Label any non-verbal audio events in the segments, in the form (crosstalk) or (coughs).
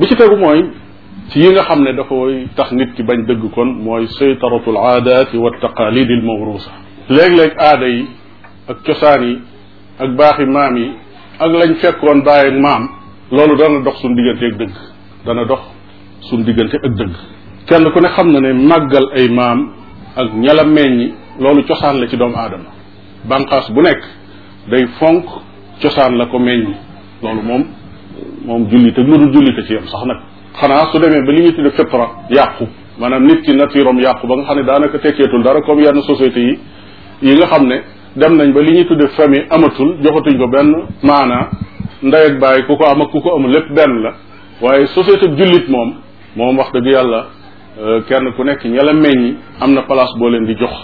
bi ci tegu mooy ci yi nga xam ne dafay tax nit ki bañ dëgg kon mooy saytaratul aadaati wa taqaalidi al mawrusa léeg-léeg aada yi ak cosaan yi ak baaxi maam yi ak lañ fekkoon baay ak maam loolu dana dox suñ diggante ak dëgg dana dox suñ diggante ak dëgg kenn ku ne xam na ne màggal ay maam ak ñala meññi loolu cosaan la ci doomu aadama banqaas bu nekk day fonk cosaan la ko meññi loolu moom moom jullit ak lu dul jullit a ci yam sax nag xanaa su demee ba li ñu tudde fitra yàqu maanaam nit ki natiirom yàqu ba nga xam ne daanaka tekkeetul dara comme yenn société yi nga xam ne dem nañ ba li ñuy tudde famille amatul joxatuñ ko benn maanaa ndey bàyyi ku ko am ak ku ko amul lépp benn la waaye société jullit moom moom wax dëgg yàlla euh, kenn ku nekk ña la meññi am na place boo leen di jox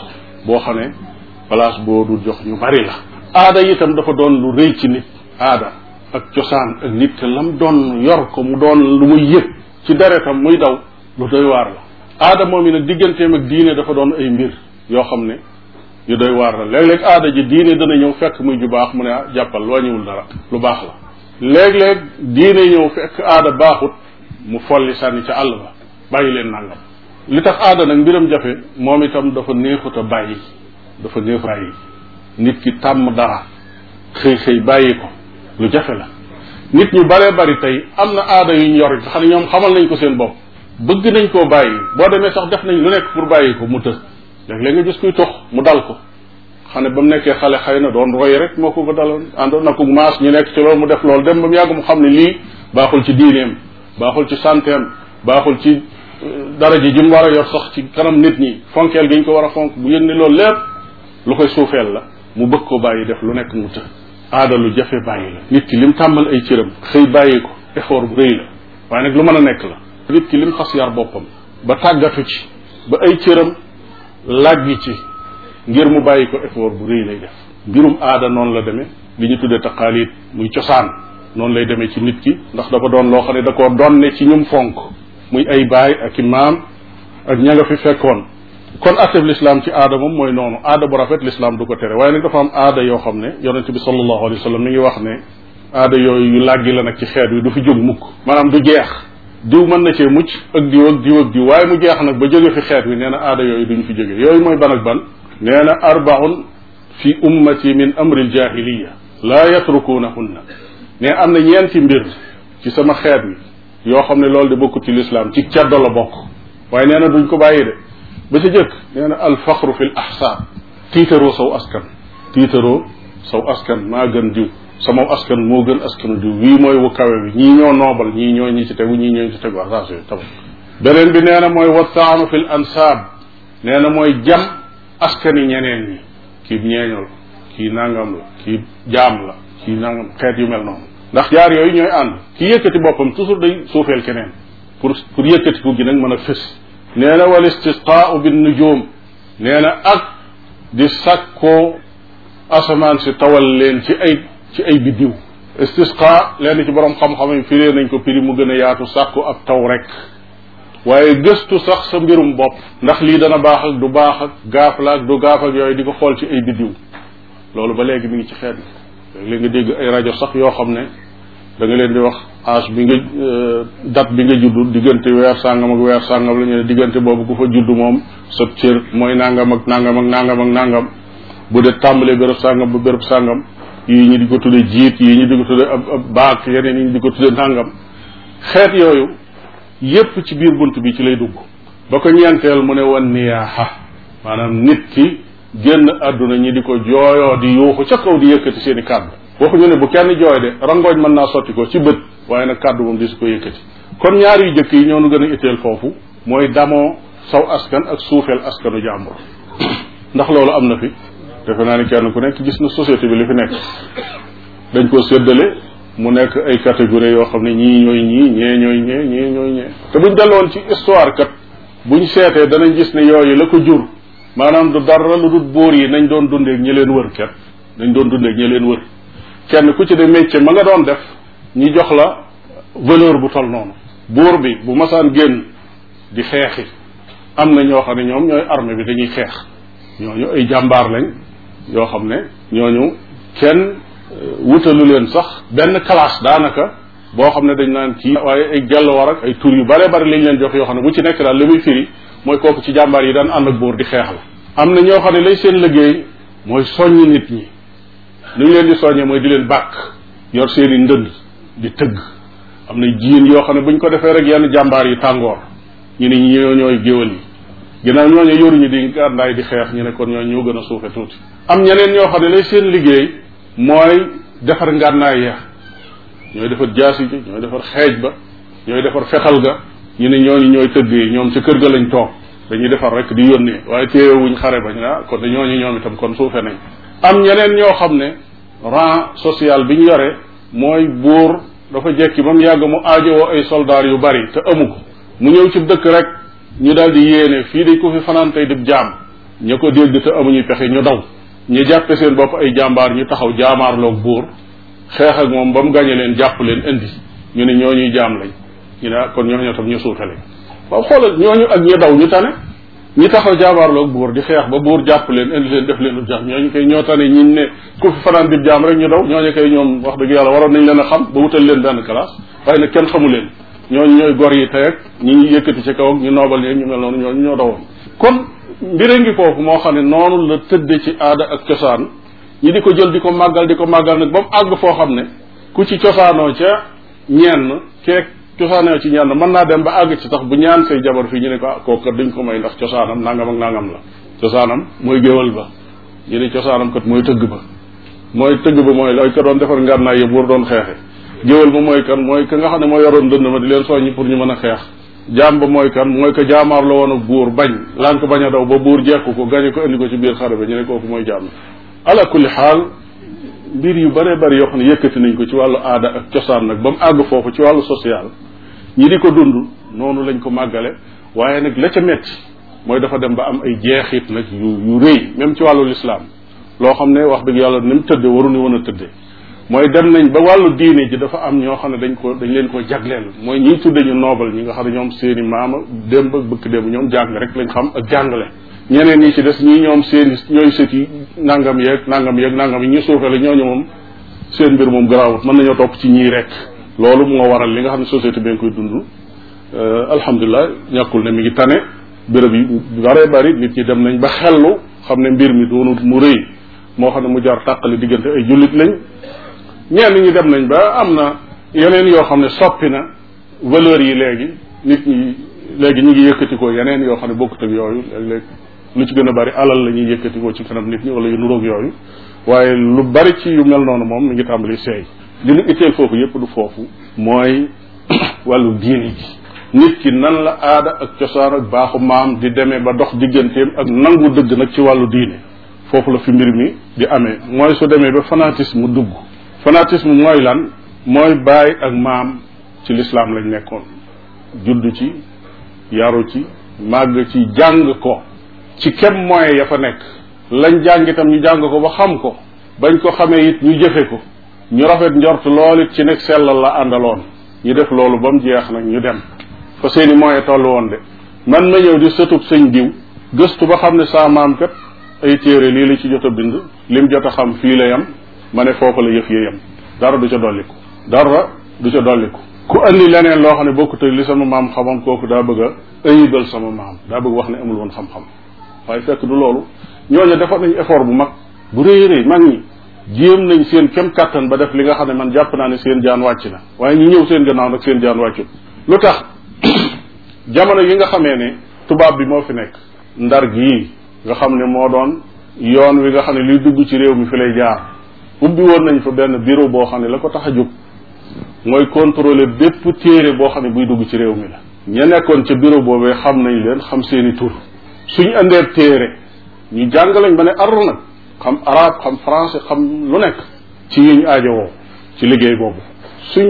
boo xam ne place boo dul jox ñu bari la aada itam dafa doon lu rëy ci nit aada ak cosaan ak nit ki lam doon yor ko mu doon lu muy yëg ci deretam muy daw lu doy waar la aada moom i nag digganteem ak diine dafa doon ay mbir yoo xam ne yu doy waar la léeg-léeg aada ji diine dana ñëw fekk muy ju baax mu ne ah, jàppal wàññiwul dara lu baax la léeg-léeg diine ñëw fekk aada baaxut mu folli sànni ca àll ba bàyyi leen nangam li tax aada nag mbiram jafe moom itam dafa neexut a bàyyi dafa neexut a nit ki tàmm dara xëy xëy bàyyi ko lu jafe la nit ñu baree bari tey am na aada yu ñu yor xam ne ñoom xamal nañ ko seen bopp bëgg nañ koo bàyyi boo demee sax def nañ lu nekk pour bàyyi ko mu të léeg-léeg nga gis kuy tox mu dal ko xam ne ba mu nekkee xale xëy na doon roy rek moo ko daloon àndoon na ko maas ñu nekk ci loolu mu def loolu dem ba mu yàgg mu xam ne lii baaxul ci diineem baaxul ci santeem baaxul ci euh, dara ji mu war a yor sax ci kanam nit ñi fonkeel gi ñu ko war a fonk bu yëg ne loolu lépp lu koy suufeel la mu bëgg ko bàyyi def lu nekk mu aada lu jafe bàyyi la nit ki lim tàmmal ay cëram xëy bàyyi ko effort bu rëy la waaye nag lu mën a nekk la nit ki lim fas yar boppam ba tàggatu ci ba ay cëram làggi ci ngir mu bàyyi ko effort bu rëy lay def mbirum aada noonu la demee li ñu tuddee taqaalit muy cosaan noonu lay demee ci nit ki ndax da ko doon loo xam ne da ko doon ne ci ñum fonk muy ay baay ak i maam ak ña nga fi fekkoon kon atteb lislaam ci aada moom mooy noonu aada bu rafet lislaam du ko tere waaye nag dafa am aada yoo xam ne yonente bi sallallahu alayhi wa sallam ngi wax ne aada yooyu yu làggi la nag ci xeet wi du fi jóg mukk maanaam du jeex diw mën na cee mucc ak diw ak diw ak diw waaye mu jeex nag ba jóge fi xeet wi nee na aada yooyu duñ fi jóge yooyu mooy ban ak ban nee na arbaun fi ummati min amri ljahiliya laa yatrukunahunna ne am na ñeen fi mbir ci sama xeet wi yoo xam ne loolu de bokkut ci lislaam ci caddo la bokk waaye nee duñ ko bàyyi ba ca jëkk nee na alfaxru fi l ahsaab tiitaroo saw askan tiitaroo saw askan maa gën diw sama askan moo gën askanu diw wii mooy wu kawee bi ñii ñoo noobal ñii ñoo ñi ci tegu ñii ñoo ñi ci tegu asaas yooyu tamit beneen bi nee na mooy wattaanu fi l ansaab nee na mooy jam askani ñeneen ñi kii ñeeño kii nangam la kii jaam la kii nangam xeet yu mel noonu ndax jaar yooyu ñooy ànd ki yëkkati boppam toujours day suufeel keneen pour pour yëkkati ku gi nag mën a fës nee na wal istisqaau bin nujum nee na ak di sàkkoo asamaan si tawal leen ci ay ci ay biddiw istisqa leen ci borom xam-xam yi firee nañ ko piri mu gën a yaatu sàkku ab taw rek waaye gëstu sax sa mbirum bopp ndax lii dana baax ak du baax ak gaaf la ak du gaaf ak di ko xool ci ay biddiw loolu ba léegi mi ngi ci xeet bi léegi nga dégg ay rajo sax yoo xam ne da nga leen di wax âge bi nga euh, date bi nga judd diggante weer sàngam ak weer sàngam la ñu ne diggante boobu ku fa judd moom sa cër mooy nangam ak nangam ak nangam ak nangam bu dee tàmbalee béréb sàngam bu béréb sàngam yi ñu di ko tudde jiit yi ñu di ko tudde ab ab baak yeneen yi ñu di ko tudde nangam xeet yooyu yépp ci biir bunt bi ci lay dugg ba ko ñeenteel mu ne wan niyaaxa maanaam nit ki génn àdduna ñi di ko jooyoo di yuuxu ca kaw di yëkkati seen i waxuñu ne bu kenn jooy de rangooñ mën naa sotti ko ci bët waaye nag kàddu moom di su ko yëkkati kon ñaar yu jëkk yi ñoo nu gën a itteel foofu mooy damoo saw askan ak suufeel askanu jàmbur ndax loolu am na fi defe naa ne kenn ku nekk gis na société bi li fi nekk dañ koo séddale mu nekk ay catégorie yoo xam ne ñii ñooy ñii ñee ñooy ñee ñee ñooy ñee te buñ delloon ci histoire kat buñ seetee danañ gis ne yooyu la ko jur maanaam du dara lu dul buur yi nañ doon dundeeg ñi leen wër kat nañ doon dundeeg ñi leen wër kenn ku ci de métier ma nga doon def ñi jox la valeur bu toll noonu buur bi bu masaan génn di xeexi am na ñoo xam ne ñoom ñooy armée bi dañuy xeex ñoo ñu ay jàmbaar lañ yoo xam ne ñoo ñooñu kenn euh, wutalu leen sax benn classe daanaka boo xam ne dañ naan kii waaye ay gelluwar ak ay tur yu bare bari lañ leen jox yoo xam ne bu ci nekk daal li muy firi mooy kooku ci jàmbaar yi daan ànd ak buur di xeex la am na ñoo xam ne lay seen liggéey mooy soññ nit ñi li ñu leen di soññee mooy di leen bàkk yor seen i ndënd di tëgg am na jiin yoo xam ne bu ñu ko defee rek yenn jàmbaar yi tàngoor ñu ne ñoo ñooy géwal yi ginnaaw ñooñu ñu di gàndaay di xeex ñu ne kon ñooñu ñoo gën a suufe tuuti am ñeneen ñoo xam ne lay seen liggéey mooy defar ngànnaay ya ñooy defar jaasi ji ñooy defar ba ñooy defar fexal ga ñu ne ñooñu ñooy tëgg ñoom ci kër ga lañ toog dañuy defar rek di yónnee waaye téyewuñ xare bañ ah kon ñooñu ñoom itam kon suufe nañ am ñeneen ñoo xam ne rang social bi ñu yoree mooy buur dafa jekki ba mu yàgg mu woo ay soldaar yu bari te amu ko mu ñëw ci dëkk rek ñu daal di yéene fii de ko fi fanaan tey dib jaam ña ko dégg te amuñuy pexe ñu daw ñu jàppe seen bopp ay jàmbaar ñu taxaw jaamaarloog buur xeex ak moom ba mu gàñe leen jàpp leen indi ñu ne ñuy jaam lañ ñu ne ah kon ñoo tam ñu suutale waaw xoolal ñooñu ak ñi daw ñu tane ñi taxaw jaabaarloog buur di xeex ba buur jàpp leen indi leen def leenu jaam ñooñu koy ñoo tane ñi ne ku fi fanaan dib jaam rek ñu daw ñooñu koy ñoom wax dëgg yàlla waroon nañ leen a xam ba wutal leen benn classe way na kenn xamu leen ñoo ñooy gor yi tey ñi ñu yëkkati ci kaw ak ñu noobal yeeg ñu mel noonu ñooñu ñoo dawoon kon mbire ngi foofu moo xam ne noonu la tëdde ci aada ak cosaan ñi di ko jël di ko màggal di ko màggal nag ba mu àgg foo xam ne ku ci cosaanoo ca ñenn cosaanoo ci ñenn mën naa dem ba àgg si sax bu ñaan say jabar fii ñu ne ko ah kooku kat duñ ko may ndax cosaanam nangam ak nangam la cosaanam mooy géwal ba ñu cosaanam kat mooy tëgg ba mooy tëgg ba mooy looy ko defar ngànnaay yi buur doon xeexe géwal ba mooy kan mooy ka nga xam ne moo yoroon dënd ma di leen soññi pour ñu mën a xeex jaam ba mooy mooy ko jaamaar la woon ak buur bañ lànk bañ a daw ba buur jekku ko gañe ko indi ko ci biir xare ba ñu kooku mooy jaam ala kulli xaal mbir yu bare bari yoo xam ne yëkkati nañ ko ci wàllu aada ak cosaan nag ba mu àgg foofu ci wàllu social ñi di ko dund noonu lañ ko màggale waaye nag la ca metti mooy dafa dem ba am ay jeexit nag yu yu rëy même ci wàllu lislaam loo xam ne wax dëgg yàlla ni mu tëddee waruñu woon a tëddee mooy dem nañ ba wàllu diine ji dafa am ñoo xam ne dañ ko dañ leen ko jagleel mooy ñiy tudde ñu noobal ñi nga xam ne ñoom seeni maam a démb ak bëkk démb ñoom jàng rek lañ xam ak jàngale ñeneen ñi ci des ñii ñoom seeni ñooy sët yi nangam yeeg nangam yeeg nangam yi ñu suufe la ñooñu moom seen mbir moom garaawut mën nañoo topp ci ñii rek loolu moo waral li nga xam ne société bi nga koy dund euh, alhamdulilah ñàkkul ne mi ngi tane béréb yi baree bari nit ñi dem nañ ba xellu xam ne mbir mi doonut mu rëy moo xam ne mu jar tàqali diggante ay jullit lañ ñenn ñi dem nañ ba am na yeneen yoo xam ne soppi na valeurs yi léegi nit ñi léegi ñu ngi yëkkatikoo yeneen yoo xam ne bokkut ak yooyu léeg-léeg lu ci gën a bari alal la ñuy yëkkatikoo ci kanam nit ñi wala yu nuroog yooyu waaye lu bari ci yu mel noonu moom mi tàmbali seey li nu itteel foofu yépp du foofu mooy (coughs) wàllu diine ji nit ki nan la aada ak cosaan ak baaxu maam di demee ba dox digganteem ak nangu dëgg nag ci wàllu diine foofu la fi mbir mi di amee mooy su demee ba fanatisme dugg fanatisme mooy lan mooy baay ak maam ci lislaam lañ nekkoon juddu ci yaru ci màgg ci jàng ko ci kem moyen ya fa nekk lañ jàng itam ñu jàng ko ba xam ko bañ ko xamee it ñu jëfe ko ñu rafet njort lool ci nekk sellal la àndaloon ñu def loolu ba mu jeex nag ñu dem fa seen i moyen toll woon de man ma ñëw di sëtub sëñ diw gëstu ba xam ne saa maam kat ay téere lii la ci jot a bind mu jot a xam fii la yam ma ne foofa la yëf ya yam dara du ca dolliku dara du ca dolliku ku andi leneen loo xam ne bokkut li sama maam xamoon kooku daa bëgg a ayibal sama maam daa bëgg wax ne amul woon xam-xam waaye fekk du loolu ñooñu defoon nañu effort bu mag bu rëy rëy jéem nañ seen kem kàttan ba def li nga xam ne man jàpp naa ne seen jaan wàcc na waaye ñu ñëw seen gannaaw nag seen jaan wàccut lu tax (coughs) jamono yi nga xamee ne tubaab bi moo fi nekk ndar gii nga xam ne moo doon yoon wi nga xam ne liy dugg ci réew mi fi lay jaar ubbi woon nañ fa benn bureau boo xam ne la ko tax a jóg mooy contrôler bépp téere boo xam ne buy dugg ci réew mi la ña nekkoon ca bureau boobee xam nañ leen xam seeni tur suñ andee téere ñu jàng lañ ba ne arr xam arabe xam français xam lu nekk ci yi ñu aajowoo ci liggéey boobu suñ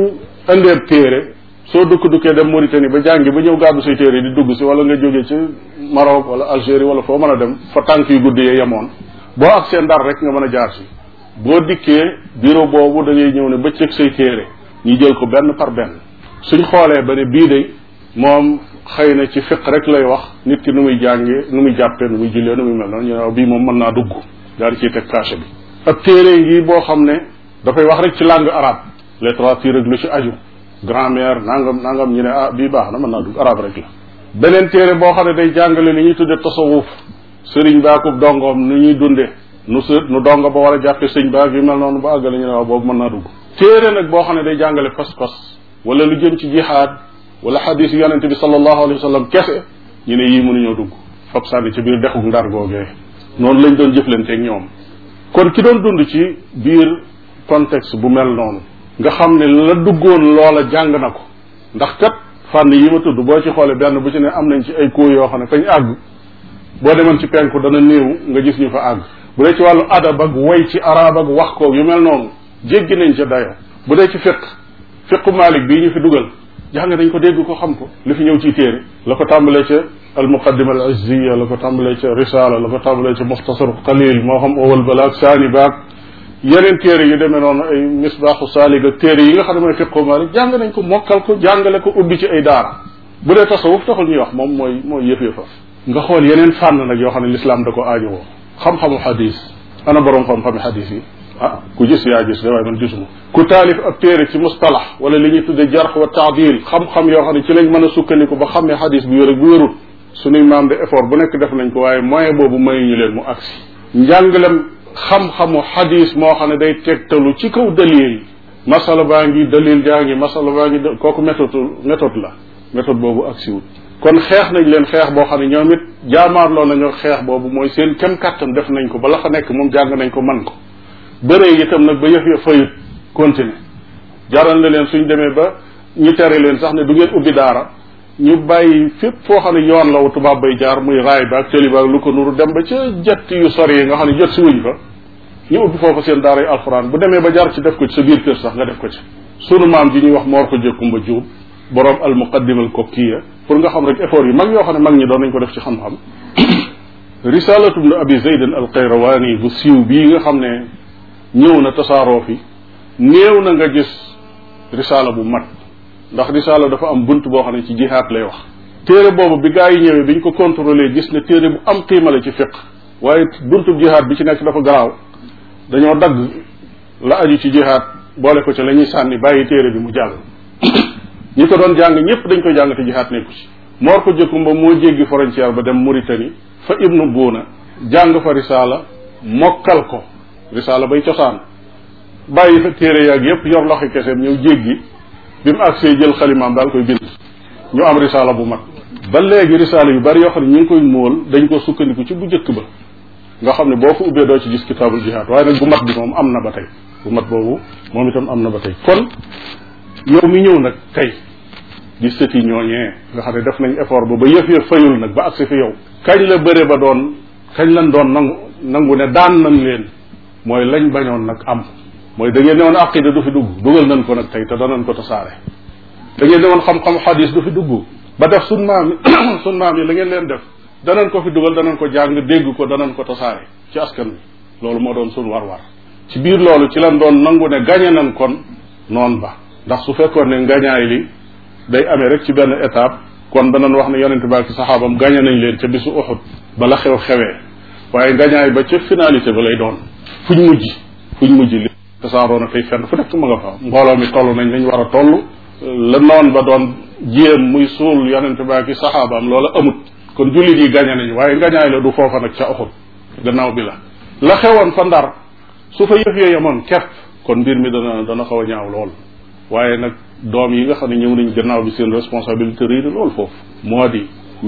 indee téere soo dukk-dukkee dem Mauritanie ba jàngi ba ñëw gàddu say téere di dugg si wala nga jóge ci Maroc wala Algérie wala foo mën a dem fa tànk yu gudd yee yemoon boo ak seen ndar rek nga mën a jaar si boo dikkee bureau boobu da ñëw ne ba cëg say téere ñu jël ko benn par benn suñ xoolee ba ne bii de moom xëy na ci fiq rek lay wax nit ki nu muy jàngee nu muy jàppee nu muy jullee nu muy mel noonu bii moom mën naa dugg daal ci ciy teg cachet bi ak téere ngi boo xam ne dafay wax rek ci langue arabe littérature ak lu ci aju grammaire nangam nangam ñu ne ah, bii baax na mën naa dugg arabe rek la beneen téere boo xam ne day jàngale li ñuy tudde tasawuf sëriñ baakub dongoom ni ñuy dunde nu s nu dongo ba war a jàppe sëñ baak yu mel noonu ba àggale ñu ne boobu mën naa dugg téere nag boo xam ne day jàngale pas-pas wala lu jëm ci jihaad wala xadis yonente bi sallallahu alayhi wa sallam kese ñu ne yii mënuñoo dugg fab sànni ci biir dexu ndar googee noonu lañ doon jëflanteeg ñoom kon ki doon dund ci biir context bu mel noonu nga xam ne la duggoon loola jàng na ko ndax kat fànn yi ma tudd boo ci xoolee benn bu ci ne am nañ ci ay koo yoo xam ne fañ àggu boo demoon ci penku dana néew nga gis ñu fa àgg bu dee ci wàllu adab ak woy ci arab ak wax koog yu mel noonu jéggi nañ ca dayo bu dee ci fiq fiqu malik bii ñu fi dugal jàng nañ ko dégg ko xam ko li fi ñëw ciy téere la ko tàmbalee ca almuqaddima al izziya la ko tàmbalee ca risaala la ko tàmbalee ca muxtasaru qalil moo xam awal balaag saani baag yeneen téere yu demee noonu ay misbaaxu saalig ak téere yi nga xam ne mooy fiqu maalik jàng nañ ko mokkal ko jàngale ko ubbi ci ay daara bu dee tasawuf taxul ñuy wax moom mooy mooy yëf yëfa nga xool yeneen fànn nag yoo xam ne lislaam da ko aajowoo xam-xamu xadis ana borom xam-xami xadis yi ah ku gis yaa gis de waaye man gisuma ku taalif ab téere ci mustalax wala li ñuy tudde jarx wa taadil xam-xam yoo xam ne ci lañ mën a sukkandiku ba xam ne xadis bi wér ak bu wérul suñuy maam de effort bu nekk def nañ ko waaye moyen boobu ñu leen mu agsi njàngalem xam-xamu xadis moo xam ne day teg tegtalu ci kaw dalil yi masala baa ngi dalil jaa ngi masala baa ngi kooku méthode méthode la méthode boobu agsiwut kon xeex nañ leen xeex boo xam ne ñoom it jaamaarloo nañu xeex boobu mooy seen kem kàttan def nañ ko ba la fa nekk moom jàng nañ ko man ko bëree itam nag ba yëf ya fayut continuer jaral na leen suñ demee ba ñu tere leen sax ne du ngeen ubbi daara ñu bàyyi fépp foo xam ne yoon la wu tubaab bay jaar muy raay ba ak tëli ak lu ko nuru dem ba ca jett yu sori yi nga xam ne jot si wuñ fa ñu ubbi foofa seen daara alxuraan bu demee ba jaar ci def ko ci sa biir kër sax nga def ko ci sunu maam ji ñuy wax moor ko jëkkumba juub borom al muqaddim al kokkiya pour nga xam rek effort yu mag yoo xam ne mag ñi doon nañ ko def ci xam-xam (coughs) risalatu bnu abi zaydan al qayrawaani bu siiw bii nga xam ne ñëw na tasaaroo fi néew na nga gis risala bu mat ndax risaala dafa am bunt boo xam ne ci jihaad lay wax téere boobu bi gaa yi ñëwee bi ñu ko contrôlé gis ne téere bu am qiima la ci fiq waaye buntu jihaad bi ci nekk dafa garaaw dañoo dagg la aju ci jihaad boole ko ci la ñuy sànni bàyyi téere bi mu jàll ñi ko doon jàng ñëpp dañ koy jàng te jihaad nekku ci moor ko jëkkumba moo jéggi frontière ba dem Mauritanie fa ibnu buuna jàng fa risaala mokkal ko risaala bay cosaan bàyyi fa téere yaag yëpp yor loxi keseem ñëw jéggi bi mu agsee jël xalimaam daal koy bind ñu am risaala bu mag ba léegi risaala yu bari yoo xam ne ñu ngi koy móol dañ ko sukkandiku ci bu njëkk ba nga xam ne boo ko ubbee doo ci gis kitaabul jihaad waaye nag bu mat bi moom am na ba tey bu mat boobu moom itam am na ba tey kon yow mi ñëw nag tey di sëti ñooñee nga xam ne def nañ effort ba ba yëf yëf fayul nag ba agsi fi yow kañ la bëre ba doon kañ lañ doon nangu nangu ne daan nañ leen mooy lañ bañoon nag am mooy da ngeen ne woon aqida du fi dugg dugal nañ ko nag tey te danañ ko tasaare da ngeen ne woon xam-xam xadis du fi dugg ba def sun maam yi (coughs) sun maam yi la ngeen leen def danañ ko fi dugal danañ ko jàng dégg ko danañ ko tasaare ci askan wi loolu moo doon sun war-war ci biir loolu ci lan doon nangu ne gañe nañ kon noon ba ndax su fekkoon ne ngañaay li day amee rek ci benn étape kon danañ wax ne yonente ba ak saxaabam gañe nañ leen ca bisu uxut bala xew xewee waaye ngañaay ba finalité ba lay doon fuñ mujj fuñ mujj li tasaaroo a tey fenn fu nekk mu nga fa mbooloo mi toll nañ lañ war a toll la noon ba doon jéem muy suul yonente baa ki saxaabaam loola amut kon jullit yi gañe nañu waaye ngañaay la du foofa nag ca oxul gannaaw bi la la xewoon fa ndar su fa yëf ya yemoon kepp kon mbir mi dana dana xaw a ñaaw lool waaye nag doom yi nga xam ne ñëw nañ gannaaw bi seen responsabilité réy na lool foofu moo di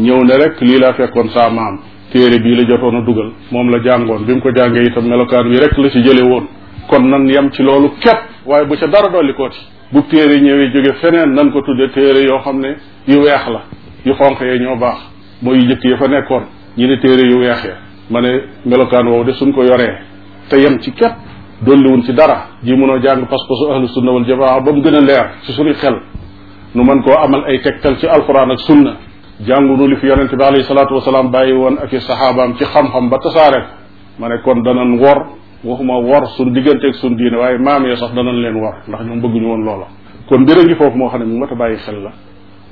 ñëw ne rek lii laa fekkoon saa maam téere bii la jotoon a dugal moom la jàngoon bi mu ko jàngee itam melokaan wi rek la ci jële woon kon nan yem ci loolu képp waaye bu ca dara dolli kooti bu téere ñëwee jóge feneen nan ko tudde téere yoo xam ne yu weex la yu xonq yee ñoo baax mooy yu jëkk ya fa nekkoon ñi ne téere yu weex ya ma ne melokaan woowu de suñ ko yoree te yem ci képp dolliwun ci dara ji mënoo jàng pas-pasu ahlu sunna wal jamaa ba mu gën a leer ci suñu xel nu mën koo amal ay tegtal ci alquran ak sunna jàngunu li fi yonente bi alayhi salaatu wasalaam bàyyi woon ak i saxaabaam ci xam-xam ba ma ne kon danan wor waxuma wor suñ digganteeg suñ diine waaye maam ya sax danañ leen wor ndax ñoom bëgguñu woon loola kon mbir a ngi foofu moo xam ne mu mat a bàyyi xel la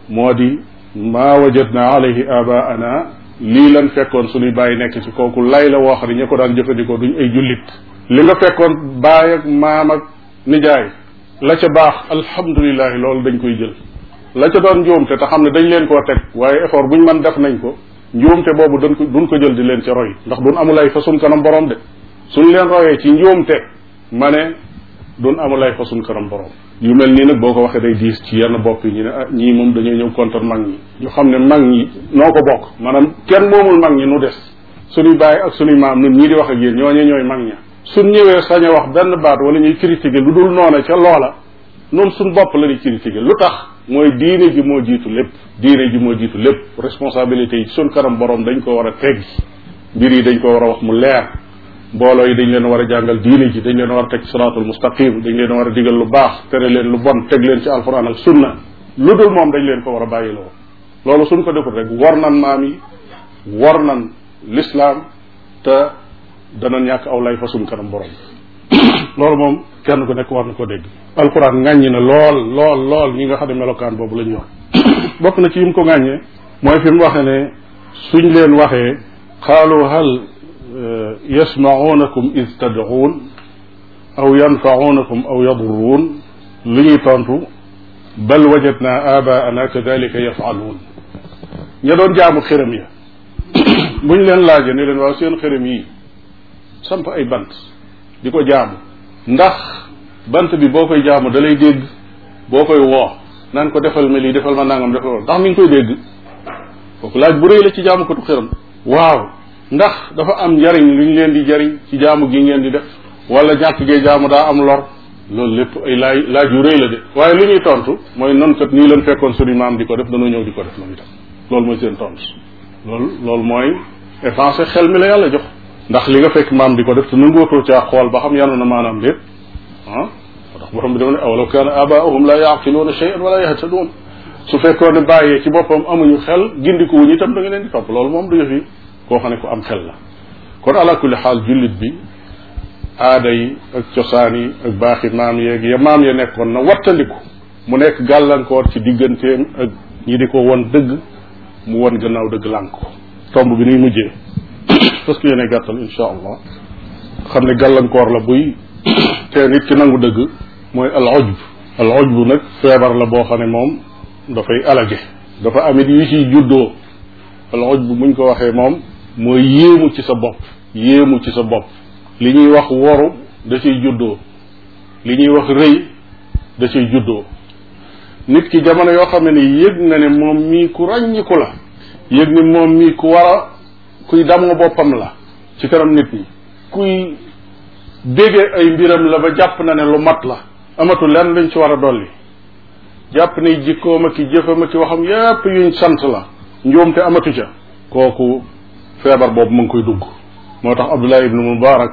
moo di maa wajadna alayhi abaana lii lan fekkoon suñuy bàyyi nekk ci kooku lay la woo xam ne ña ko daan jëfandikoo duñ ay jullit li nga fekkoon baay ak maam ak nijaay la ca baax alhamdulilahi loolu dañ koy jël la ca doon njuumte te xam ne dañ leen koo teg waaye effort buñ mën def nañ ko njuumte boobu dañ ko duñ ko jël di leen ca roy ndax duñ amul ay fa sun kanam borom de suñ leen rawee ci njuumte ma ne duñ amul ay fasun kanam borom yu mel nii nag boo ko waxee day diis ci yenn bopp yi ñu ne ah ñii moom dañoo ñëw contre mag ñi ñu xam ne mag ñi noo ko bokk maanaam kenn moomul mag ñi nu des suñuy bàyyi ak suñuy maam ñun ñii di wax ak yéen ñooñu ñooy mag ña suñ ñëwee sañ a wax benn baat wala ñuy critiquer lu dul noona ca loola noonu suñ bopp la ñuy critiquer lu tax mooy diine ji moo jiitu lépp diine ji moo jiitu lépp responsabilité yi suñ kanam borom dañ ko war a teggi mbir yi dañ ko war a wax mu leer mbooloo yi dañ leen war a jàngal diine ji dañ leen war a teg siraatul mustaqim dañ leen war a digal lu baax tere leen lu bon teg leen ci alxuraan ak sunna lu dul moom dañ leen ko war a bàyyi loo loolu suñ ko defut rek war nan maam yi war nan lislaam te dana ñàkk aw lay fa suñ kanam borom (coughs) loolu moom kenn ku nekk war na ko dégg alxuraan ŋàññi na lool lool lool ñi nga xam ne melokaan boobu lañ yor (coughs) bokk na ci yim ko ŋàññee mooy fi mu waxee ne suñ leen waxee yasmaunakum id tad'uun aw yanfaunakum aw yadurruun lu ñuy tontu bal wajadna abaana kadalika yafaluun ña doon jaamu xërëm ya (coughs) bu ñu leen laajee ne leen waaw seen xërëm yi samp ay bant di ko jaamu ndax bant bi boo koy jaamu da lay dégg boo koy woo naan ko defal ma lii defal ma nangam defal ma ndax mi ngi koy dégg kooku laaj bu rëy la ci jaamu ko tu xërëm waaw ndax dafa am njariñ lu ñu leen di jariñ ci jaamu gi ngeen di def wala ñàkk gee jaamu daa am lor loolu lépp ay laay laaj yu rëy la de waaye lu ñuy tontu mooy non kat nii leen fekkoon suñu maam di ko def dañoo ñëw di ko def noonu itam loolu mooy seen tontu loolu loolu mooy effacé xel mi la yàlla jox ndax li nga fekk maam di ko def te nangootoo caa xool ba xam yanu na maanaam déet ah ndax borom bi dama ne awalaw kaana abaahum laa yaqiluuna shay'an wala yahtaduun su fekkoon ne bàyyee ci boppam amuñu xel gindikuwuñu itam da nga leen di topp loolu moom du yëf yi koo xam ne ko am xel la kon ala kulli xaal jullit bi aada yi ak cosaan yi ak baaxi maam yeeg ya maam ya nekkoon na ko mu nekk gàllankoor ci digganteem ak ñi di ko won dëgg mu won gannaaw dëgg lànk ko tomb bi nuy mujjee parce que yéene gàttal insha allah xam ne gàllankoor la buy (coughs) te nit ki nangu dëgg mooy al ojb al ojb nag feebar la boo xam ne moom dafay alage dafa amit yu ciy juddoo al ojb muñ ko waxee moom mooy yéemu ci sa bopp yéemu ci sa bopp li ñuy wax woru da ciy juddoo li ñuy wax rëy da ciy juddoo nit ki jamono yoo xam ne ni yëg na ne moom mii ku ràññiku la yëg ni moom mii ku war a kuy damm boppam la ci kanam nit ñi kuy bége ay mbiram la ba jàpp na ne lu mat la amatu lenn lañ ci war a dolli jàpp nay jikkoom ak ki jëfam ak ki waxam yépp yuñ sant la njuumte amatu ca kooku feebar boobu mu ngi koy dugg moo tax abdullah ibnu mubarak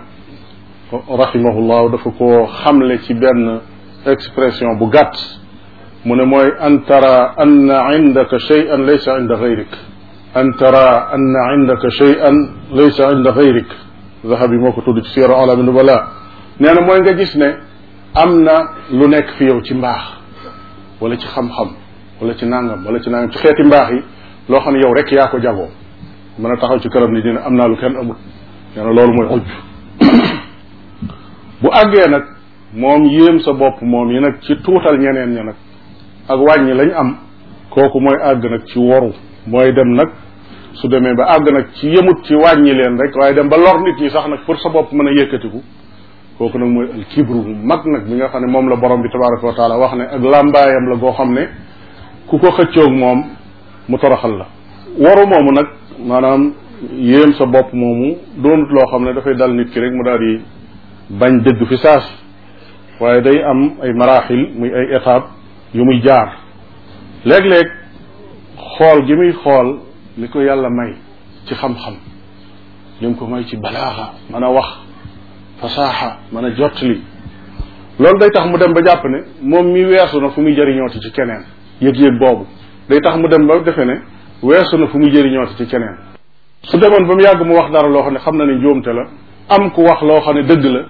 rahimahullahu dafa ko xamle ci benn expression bu gàtt mu ne mooy an tara anna indaka shay'an laysa inda gayrik an tara anna indaka shay'an laysa inda gayrik zahabi moo ko tudd ci siyara alami nubala nee na mooy nga gis ne am na lu nekk fi yow ci mbaax wala ci xam-xam wala ci nangam wala ci nangam ci xeeti mbaax yi loo xam ne yow rek yaa ko jagoo mën a taxaw ci këram li dina am naa lu kenn amul nee loolu mooy ujj (coughs) bu àggee nag moom yéem sa bopp moom yi nag ci tuutal ñeneen ña nag ak wàññi lañ am kooku mooy àgg nag ci waru mooy dem nag su demee ba àgg nag ci yemut ci wàññi leen rek waaye dem ba lor nit ñi sax nag pour sa bopp mën a yëkkatiku kooku nag mooy al kibru mu mag nag bi nga xam ne moom la borom bi tabaraka wa taala wax ne ak làmbaayam la goo xam ne ku ko xëccoog moom mu toroxal la moomu nag maanaam yéem sa bopp moomu doonut loo xam ne dafay dal nit ki rek mu daal di bañ dëgg fi saas waaye day am ay maraaxil muy ay étape yu muy jaar léeg-léeg xool gi muy xool li ko yàlla may ci xam-xam li mu ko may ci balaaxa mën a wax fasaaxa mën a jottali loolu day tax mu dem ba jàpp ne moom mi weesu na fu muy jëriñooti ci keneen yëg-yëg boobu day tax mu dem ba defe ne weesu na fu mu jëriñooti ci keneen su demoon ba mu yàgg mu wax dara loo xam ne xam na ne njuumte la am ku wax loo xam ne dëgg la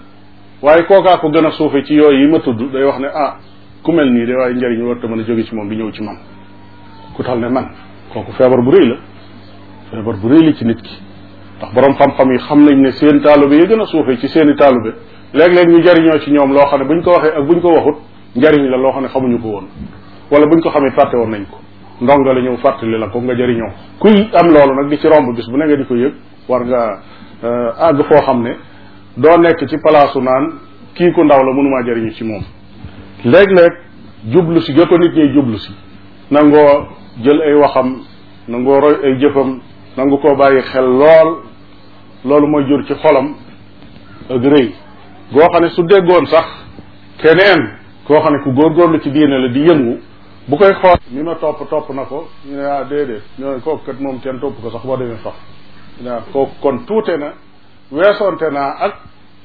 waaye kookaa ko gën a suufee ci yooyu yi ma tudd day wax ne ah ku mel nii de waaye njëriñ warta mën a jóge ci moom di ñëw ci man ku tal ne man kooku feebar bu rëy la feebar bu rëy la ci nit ki ndax borom xam-xam yi xam nañ ne seen taalube yi gën a suufee ci seeni taalube léeg-léeg ñu jariñoo ci ñoom loo xam ne buñ ko waxee buñ ko waxut njariñ la loo xam ne xamuñu ko woon wala buñ ko xamee fàtte woon nañ ko ndonga la ñëw fàttali la ko nga jariñoo kuy am loolu nag di ci romb bis bu ne nga di ko yëg war nga euh, àgg foo xam ne doo nekk ci palaasu naan kii ku ndaw la mënumaa jariñu ci moom léeg-léeg jublu si ga ko nit ñi jublu si nangoo jël ay waxam nangoo roy ay jëfam nangu koo bàyyi xel lool loolu mooy jur ci xolam ak rëy goo xam ne su déggoon sax keneen koo xam ne ku góorgóorlu ci diine la di yëngu bu koy xool ñu ma topp topp na ko ñu ne ah déedéet ñoo kooku kat moom kenn topp ko sax boo demee sax waaw ah, kooku kon tuute na weesoonte naa ak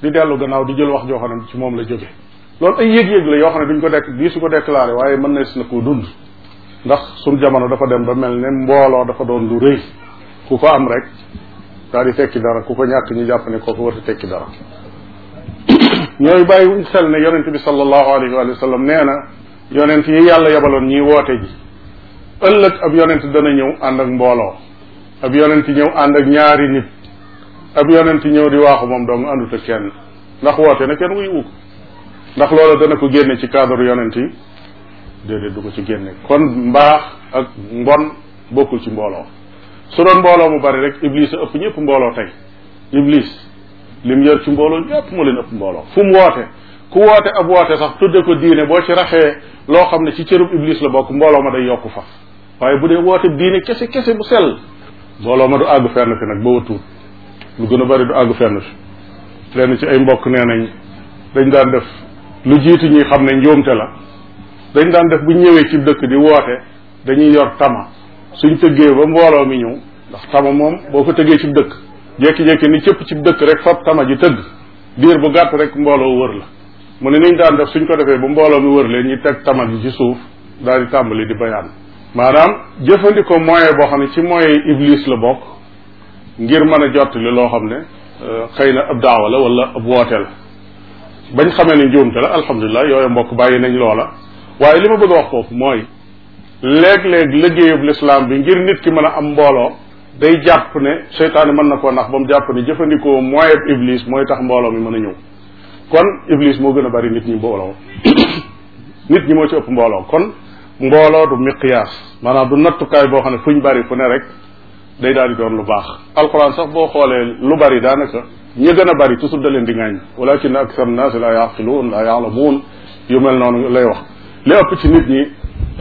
di dellu gannaaw di jël wax joo xam ne ci moom la jóge loolu ay yëg-yëg la yoo xam ne duñ ko dekk di su ko déclaré waaye mën na si na koo dund ndax suñ jamono dafa dem ba mel ne mbooloo dafa doon lu rëy ku ko am rek daal di tekki dara ku ko ñàkk ñu jàpp ne koo ko a tekki dara (coughs) ñooy bàyyi wuñ xel ne yonente bi sallallahu nee na yonent yi yàlla yebaloon ñiy woote ji ëllëg ab yonent dana ñëw ànd ak mbooloo ab yonent ñëw ànd ak ñaari nit ab yonent ñëw di waaxu moom dong àndut ak kenn ndax woote na kenn wuy wug ndax loola dana ko génne ci cadre yonent yi déedéet du ci génne kon mbaax ak mbon bokkul ci mbooloo su doon mbooloo mu bari rek iblis a ëpp ñëpp mbooloo tey iblis lim yor ci mbooloo ñëpp moo leen ëpp mbooloo fu mu woote ku woote ab woote sax tudde ko diine boo ci raxee loo xam ne ci cërub iblis la bokk mbooloo ma day yokku fa waaye bu dee woote diine kese kese bu sel mbooloo ma du àgg fenn fi nag ba watuut lu gën a bari du àgg fenn fi lenn ci ay mbokk nee nañ dañ daan def lu jiitu ñuy xam ne njuumte la dañ daan def bu ñëwee ci dëkk di woote dañuy yor tama suñ tëggee ba mbooloo mi ñëw ndax tama moom boo ko tëggee ci dëkk jékki-jékki ni cëpp ci dëkk rek fab tama ji tëgg diir bu gàtt rek mbooloo wër la mu ne niñ daan def suñ ko defee ba mbooloo mi wër leen ñu teg tamat yi ci suuf daal di tàmbali di bayaan maanaam jëfandikoo moyen boo xam ne ci moyen iblis la bokk ngir mën a jottali loo xam ne euh, xëy na ab daawa la wala ab woote la bañ xamee ne njuumte la alhamdulilah yooyu mbokk bàyyi nañ loola waaye li ma bëgg a wax foofu mooy léeg-léeg liggéeyub lislaam bi ngir nit ki mën a am mbooloo day jàpp ne seytaane mën na koo nax ba mu jàpp ne jëfandikoo moyen iblis mooy tax mbooloo mi mën a ñëw kon iblis moo gën a bari nit ñi mbooloo (coughs) nit ñi moo ci ëpp mbooloo kon mbooloo du miqyaas maanaam du nattukaay boo xam ne fu ñu bari fu ne rek day daal di doon lu baax alxuraan sax boo xoolee lu bari daanaka ñi gën a bari toujours da leen di ŋaañ walakin aksar naas la yaqiluun la yaalamuun yu mel noonu lay wax li ëpp ci nit ñi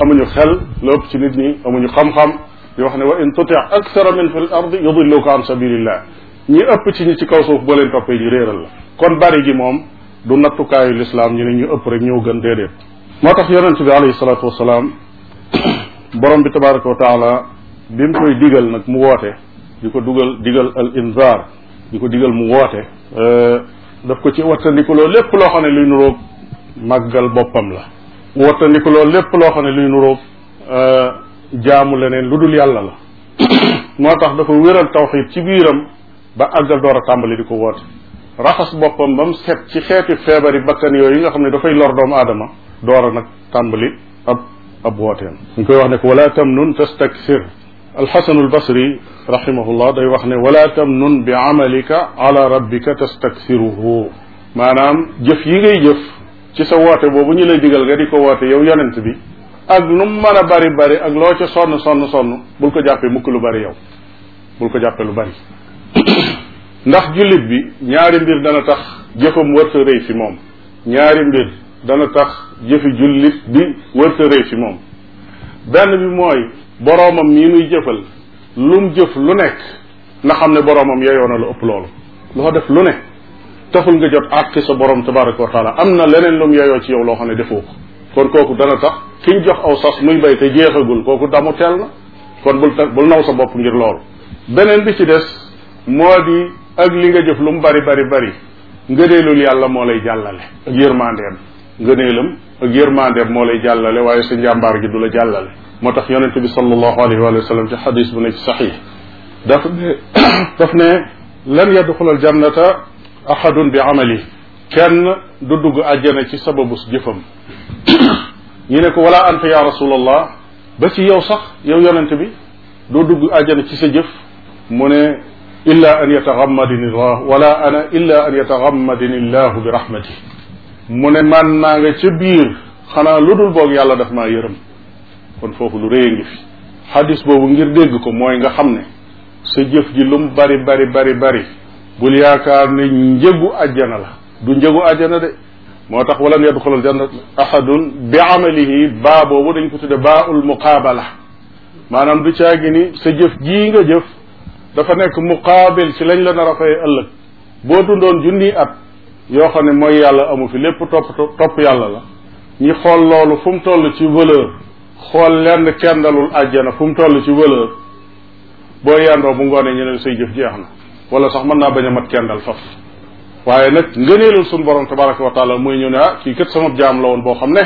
amuñu xel li ëpp ci nit ñi amuñu xam-xam di wax ne wa in tuti aksara min fi l ardi yudilluka an sabilillah ñi ëpp ci ñi ci kaw suuf boo leen toppee ñu réeral la kon bari gi moom du nattukaayu lislaam ñu ne ñu ëpp rek ñoo gën déedéet moo tax yonent bi alayhi salaatu wasalaam (coughs) borom bi tabaraka wa taala bi mu koy digal nag mu woote di ko dugal digal al inzar di ko digal mu woote euh, daf ko ci wattandikuloo lépp loo xam ne luy nuróog màggal boppam la wattandikuloo lépp loo xam ne luy nuróog euh, jaamu leneen lu dul yàlla la (coughs) moo tax dafa wéral tawxid ci biiram ba àggal door a tàmbali di ko woote raxas boppam bam mu set ci xeeti feebari bakkan yooyu nga xam ne dafay lor doomu aadama door a nag tàmbali ab ab wooteem ñu koy wax ne ko wala tamnun tastakthir alxasanu albasri rahimahullah day wax ne wala tamnun bi amalika ala rabbika tastakthiruhu maanaam jëf yi ngay jëf ci sa woote boobu ñu lay digal nga di ko woote yow yonent bi ak nu mu mën a bari bari ak loo ca sonn sonn sonn bul ko jàppee mukk lu bari yow bul ko jàppee lu bari (coughs) ndax jullit bi ñaari mbir dana tax jëfam wërta rëy fi moom ñaari mbir dana tax jëfi jullit bi wërta rëy fi moom benn bi mooy boroomam mii nuy jëfal lum jëf lu nekk na xam ne boroomam yeyoo na lu ëpp loolu loo def lu ne taxul nga jot àq sa borom tabaraka wa taala am na leneen lum yeyoo ci yow loo xam ne defoo ko kon kooku dana tax kiñ jox aw sas muy bay te jeexagul kooku damu tel na kon bul bul naw sa bopp ngir loolu beneen bi ci des moo di ak li nga jëf lu mu bari bari bari ngëneelul yàlla moo lay jàllale ak yërmandeem ngëneelam ak yërmandeem moo lay jàllale waaye sa njàmbaar gi du la jàllale moo tax yonente bi sallallahu alayhi wa sallam ci xadis bu ne ci saxiix daf ne (coughs) lan yadxul al jannata ahadun bi amali kenn du dugg ci sababu jëfam (coughs) ñu ko wala anta ya rasulallah ba ci yow sax yow yonente bi doo dugg àjjana ci illa an yataxammadini llah wala ana illa an yataxammadini llahu bi rahmati mu ne man naa nga ca biir xanaa lu dul boog yàlla daf maa yërëm kon foofu lu rëy a ngi fi xadis boobu ngir dégg ko mooy nga xam ne sa jëf ji lum bari bari bari bari bul yaakaar ne njëgu ajjana la du njëgu ajjana de moo tax walan yadxul aljanna ahadun bi amalihi baa boobu dañ ko tudde baa ul muqaabala maanaam du caagi ni sa jëf jii nga jëf dafa nekk muqaabil ci lañ la nar a fay ëllëg boo dundoon junniy at yoo xam ne mooy yàlla amu fi lépp topp topp yàlla la ñi xool loolu fu mu toll ci valeur xool lenn kendalul àjjana fu mu toll ci valeur boo yendoo bu ngoonee ñu ne say jëf jeex na wala sax mën naa bañ a mat kendal faf waaye nag ngëneelul suñu borom tabaraka wa taala muy ñu ne ah kii kët sama jaam la woon boo xam ne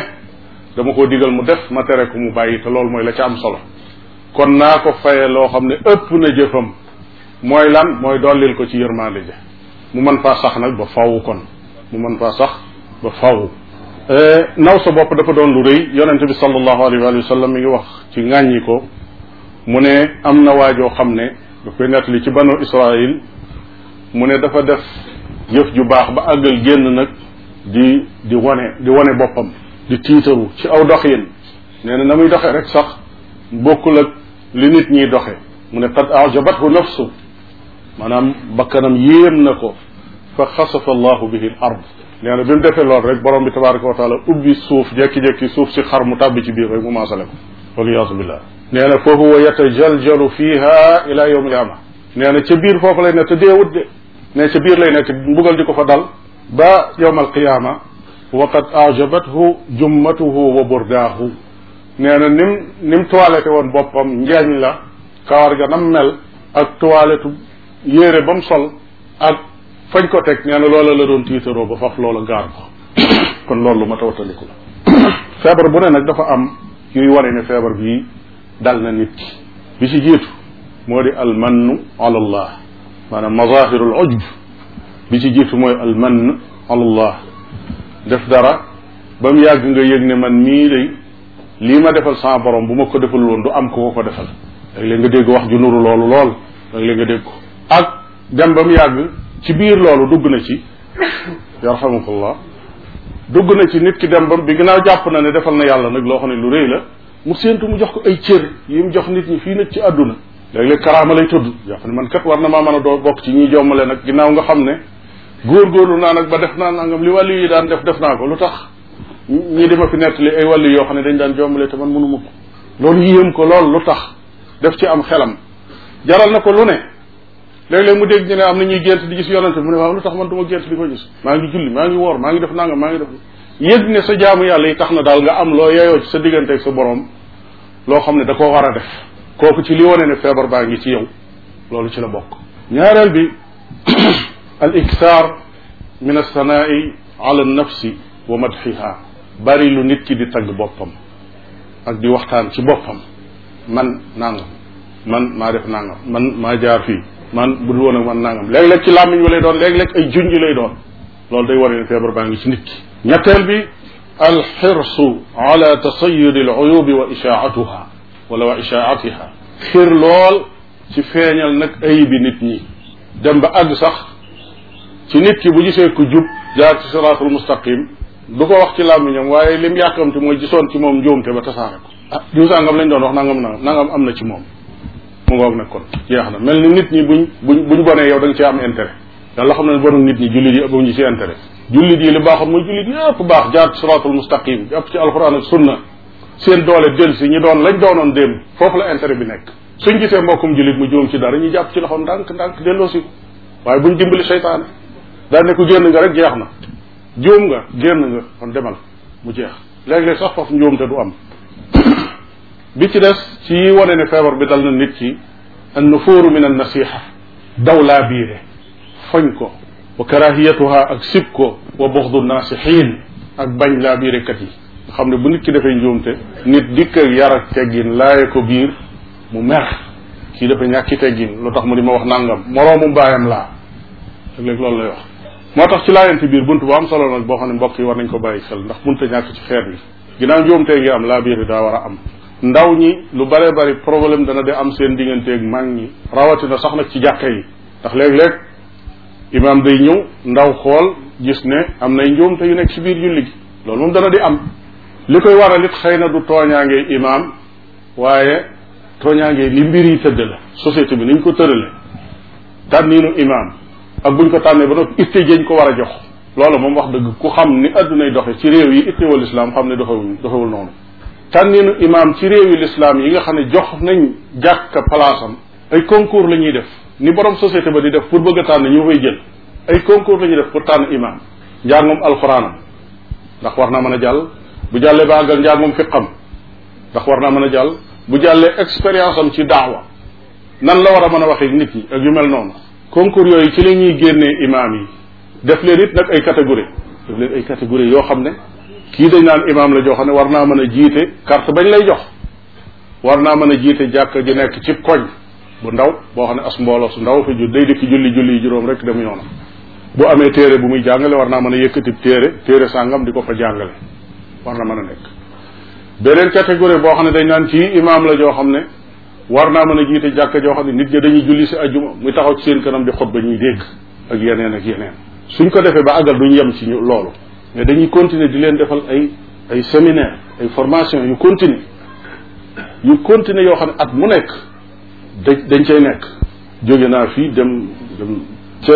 dama koo digal mu def ma tere ko mu bàyyi te loolu mooy la ca am solo kon naa ko faye loo xam ne ëpp na mooy lan mooy dollil ko ci yërmaande ja mu mën faa sax nag ba faw kon mu mën faa sax ba faw euh, naw sa bopp dafa doon lu rëy yonente bi sallallahu alayhi wa sallam mi ngi wax ci ŋàññi ko mu ne am na waajoo xam ne da koy nettali ci banu Israil mu ne dafa def jëf ju baax ba àggal génn nag di di wane di wane boppam di tiitaru ci aw doxin nee na na muy doxe rek sax bokkul ak li nit ñiy doxe mu ne qad ajabathu nafsu maanaam bakkanam yéem na ko fa xasafa allahu bihi l ard nee na bi mu defee loolu rek borom bi tabaraka wa taala ubbi suuf jekki-jekki suuf si xar mu tàbbi ci biir rek mu maasale ko waliyasu billah nee na fa huwa yatajaljalu fiha ila yawm al qiyaama nee na ca biir foofu lay ne te deewut de ne ca biir lay nekk mbugal di ko fa dal ba yawm al qiyaama wa qad ajabathu jummatuhu wa burdaahu nee na nim nim toilette woon boppam njeeñ la kawar ga nam mel ak toilette yéere ba mu sol ak fañ ko teg nee na loola la doon tiitaroo ba faf loola gaar ko (coughs) kon loolu ma tawataliku la (coughs) feebar bu ne nag dafa am yuy ware ne feebar bii dal na nit bi ci jiitu moo di almannu ala allah maanaam mazahirul ujb bi ci jiitu mooy almann ala allah def dara ba mu yàgg nga yëg ne man mii lay lii ma defal saa borom bu ma ko deful woon du am ko ko defal léeg-léeg nga dégg wax ju nuru loolu lool léeg-léeg nga dégg ko ak dem ba mu yàgg ci biir loolu dugg na ci (coughs) yarhamukallah dugg na ci nit ki dem ba bi ginnaaw jàpp na ne defal na yàlla nag loo xam ne lu rëy la mu séentu mu jox ko ay cër yi mu jox nit ñi fii nag ci àdduna léeg-léeg karaama lay tudd jàpp ne man kat war na maa mën a doo bokk ci ñiy jommale nag ginnaaw nga xam ne góor góorgóorlu naa nag ba def naa nangam li wàllu yi daan def def naa ko lu tax ñi di fi fi li ay wàllu yoo xam ne dañ daan jommale te man mënu ma ko loolu yéem ko lool lu tax def ci am xelam jaral na ko lu ne léeg-léeg mu dégg ñu am na ñuy gént di gis yonente mu ne waaw lu tax man du ma gént di ko gis maa ngi julli maa ngi woor maa ngi def nangam maa ngi def yëg ne sa jaamu yàlla yi tax na daal nga am loo yeyoo ci sa diggante ak sa borom loo xam ne da koo war a def kooku ci li wane ne feebar baa ngi ci yow loolu ci la bokk ñaareel bi (clears throat) al iksaar min asanaai ala nafsi wa madxiha bari lu nit ki di tagg boppam ak di waxtaan ci boppam man nangam man maa def nangam man maa jaar fii man bu dul woon ak man nangam léeg-léeg ci làmmiñ bi lay doon léeg-léeg ay junj lay doon loolu day wane ne feebar baa ngi ci nit ki ñetteel bi alxirsu ala tasayudi al uyubi wa ishaatuha wala wa ishaatiha xir lool ci feeñal nag ayibi nit ñi dem ba àgg sax ci nit ki bu gisee ku jub jaar ci siraatul mustaqim du ko wax ci làmmiñam waaye lim yàkkamti mooy gisoon ci moom njuumte ba tasaare ko ah diw sàngam lañ doon wax nangam nangam nangam am na ci moom mu ngoog nag kon jeex na mel ni nit ñi bu buñ buñ bonee yow da nga ci am intérêt yàlla xam ne bonu nit ñi jullit yi amuñu ci intérêt jullit yi li baaxoon mooy jullit yëpp baax jaar ci siratul mustaqim jàpp ci alquran ak sunna seen doole del si ñi doon lañ doonoon démb foofu la intérêt bi nekk suñ gisee mbokkum jullit mu juum ci dara ñu jàpp ci loxoom ndànk ndànk delloo si ko waaye buñ dimbali seytaane daa ne ku génn nga rek jeex na juum nga génn nga kon demal mu jeex léeg-léeg sax foofu njuumte du am bi ci des ci yi ne feebar bi dal na nit ki an nufuuru min an nasiha daw laa biire fañ ko wa karahiyatuha ak sib ko wa buxdu naasixiin ak bañ laa biirekat yi xam ne bu nit ki dafay njuumte nit dikk ak yar ak teggin laaye ko biir mu mer kii dafa ñàkki teggin lu tax mu di ma wax nangam moroomu baayam laa léeg-léeg loolu lay wax moo tax ci laayante biir bunt bu am solo nag boo xam ne mbokk yi war nañ ko bàyyi xel ndax bunta ñàkk ci xeer bi ginnaaw njuumtee ngi am laa biir daa war a am ndaw ñi lu bare bari problème dana di am seen digganteeg mag ñi rawatina sax nag ci jàkka yi ndax léeg-léeg imaam day ñëw ndaw xool gis ne am nay njuumte yu nekk ci biir julli gi loolu moom dana di am li koy waral it xëy na du tooñaange imaam waaye tooñaange li mbir yi tëdd la société bi niñ ko tërale tànniinu imaam ak buñ ko tànnee ba noppi itte jëñ ko war a jox loolu moom wax dëgg ku xam ni addunay doxe ci réew yi ittewal islam xam ne doxewul doxewul noonu tànninu imaam ci réewi lislaam yi nga xam ne jox nañ jàkka palaasam ay concours la ñuy def ni borom société ba di def pour bëgg tànn tànn ñu fay jël ay concours la ñuy def pour tànn imaam njàngum alxuraanam ndax war naa mën a jàll bu jàllee baagal njàngum fiqam ndax war naa mën a jàll bu jàllee expérience am ci daawa nan la war a mën a waxee nit ñi ak yu mel noonu concours yooyu ci la ñuy génnee imaam yi def leen it nag ay catégorie def leen ay catégorie yoo xam ne kii dañ naan imaam la joo xam ne war naa mën a jiite carte bañ lay jox war naa mën a jiite jàkk ji nekk ci koñ bu ndaw boo xam ne as mbooloo su ndaw fi ju day dikk julli juróom rek dem yoonam bu amee téere bu muy jàngale war naa mën a yëkkati téere téere sàngam di ko fa war na mën a nekk beneen catégorie boo xam ne dañ naan kii imaam la joo xam ne war naa mën a jiite jàkk joo xam ne nit ñi dañuy julli si ajjuma muy taxaw ci seen kanam di xot ba ñuy dégg ak yeneen ak yeneen suñ ko defee ba àggal ñu yem ci ñu loolu mais dañuy continuer di leen defal ay ay séminaire ay formation yu continue yu continue yoo xam ne at mu nekk da dañ cay nekk jóge naa fii dem dem ca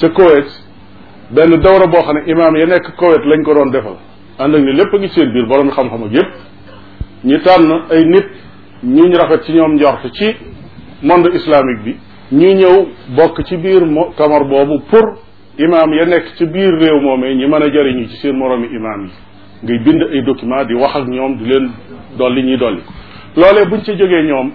ca Koweït benn dawra boo xam ne imaam ya nekk Koweït lañ ko doon defal ànd ak ne lépp a ngi seen biir borom xam-xam ak yépp ñi tànn ay nit ñi rafet ci ñoom njort ci monde islamique bi ñu ñëw bokk ci biir mo kamar boobu pour imaam ya nekk ci biir réew moomee ñi mën a jariñu ci seen moroomi imaam yi ngay bind ay document di wax ak ñoom di leen dolli ñuy dolli loolee buñ ci jógee ñoom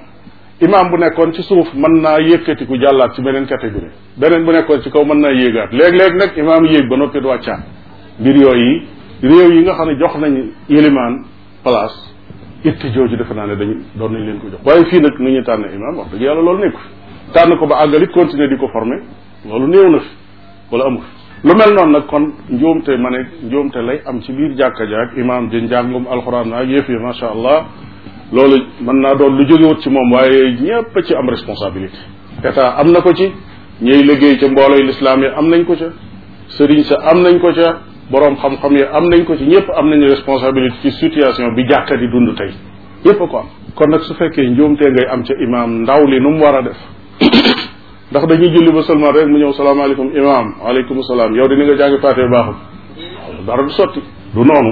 imaam bu nekkoon ci suuf mën naa yëkkatiku jàllaat ci beneen catégorie beneen bu nekkoon ci kaw mën naa yéegaat léeg-léeg nag imaam yéeg ba noppi du wàccaat mbir yooyu réew yi nga xam ne jox nañu ilimaan place itte jooju defe naa ne dañu doon nañ leen ko jox waaye fii nag nu ñuy tànn imaam wax loolu nekku tànn ko ba àggalit continuer di ko former loolu néew na wala amul lu mel noonu nag kon njuumte ma ne njuumte lay am ci biir jàkka ja ak imaam ji njàngum alxuraan ak yëf yi macha allah loolu mën naa doon lu jógewut ci moom waaye ñépp ci am responsabilité état am na ko ci ñiy liggéey ca mbooloo lislaam yi am nañ ko ca sëriñ sa am nañ ko ca boroom xam-xam yi am nañ ko ci ñëpp am nañu responsabilité ci situation bi jàkka di dund tey ñëpp ko am kon nag su fekkee njuumtee ngay am ca imaam ndaw li nu mu war a def (coughs) ndax dañuy julli ba seulement rek mu ñëw salaamaaleykum imaam waaleykum salaam yow di ni nga jàngi faatee baaxul dara du sotti du noonu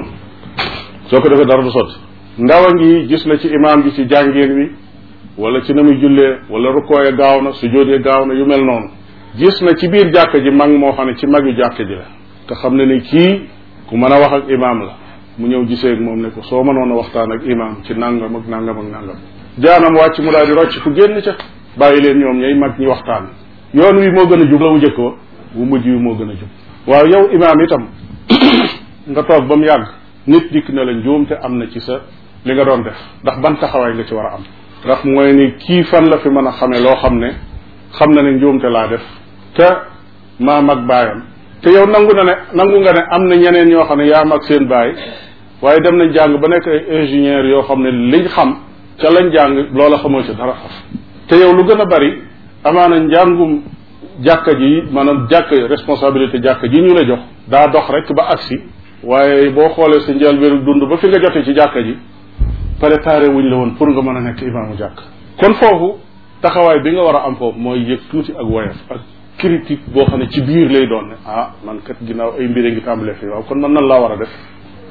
soo ko defee dara du sotti ndaw a ngi gis na ci imaam bi ci jàngeen wi wala ci na muy jullee wala rukkooya gaaw na sujjóotee gaaw na yu mel noonu gis na ci biir jàkka ji mag moo xam ne ci mag yu jàkka ji la te xam ne ni kii ku mën a wax ak imaam la mu ñëw gisee ak moom ne ko soo mënoon a waxtaan ak imaam ci nàngam ak nangam nangam jaanam wàcc mu daal di ku génn ca bàyyi leen ñoom ñay mag ñi waxtaan yoon wi moo gën a jub la wu njëkk wa wu moo gën a jub waaw yow imaam itam (coughs) nga toog ba mu yàgg nit dikk ne la njuum te am na ci sa li nga doon def ndax ban taxawaay nga ci war a am ndax mooy ni kii fan la fi mën a xamee loo xam ne xam na ne njuumte laa def te maa mag baayam te yow nangu na ne nangu nga ne am na ñeneen ñoo xam ne yaa mag seen baay waaye dem nañ jàng ba nekk ay ingénieur yoo xam ne liñ xam ca lañ jàng loola xamoo ci dara faf te yow lu gën a bari amaana njàngum jàkka ji maanaam jàkk responsabilité jàkka ji ñu la jox daa dox rek ba agsi waaye boo xoolee sa njëlbeenu dund ba fi nga jotee ci jàkka ji préparé wuñ la woon pour nga mën a nekk imaamu jàkk kon foofu taxawaay bi nga war a am foofu mooy yëg tuuti ak woyof ak critique boo xam ne ci biir lay doon ne ah man kat ginnaaw ay mbir ngi tàmbalee fii waaw kon man nan laa war a def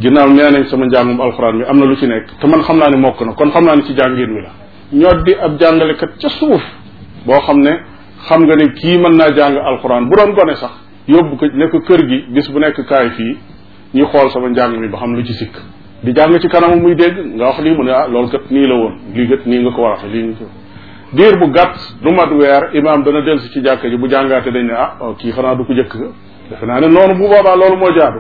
ginnaaw nee nañ sama njàngum alxuraan mi am na lu ci nekk te man xam naa ne mokk na kon xam naa ne ci jàngin mi la ñoo ñoddi ab jàngalekat ca suuf boo xam ne xam nga ne kii mën naa jàng alxuraan bu doon gone sax yóbbu ko nekk kër gi bis bu nekk kaay fii ñu xool sama njàng mi ba xam lu ci sikk di jàng ci kanam muy dégg nga wax lii mu ne ah loolu kat nii la woon lii kat nii nga ko war lii nga ko diir bu gàtt du mat weer i imaam dana dellusi ci jàkka ji bu jàngaate dañ ne ah oh, kii xanaa du ko jëkk ga defe naa ne noonu bu boobaa loolu moo jaadu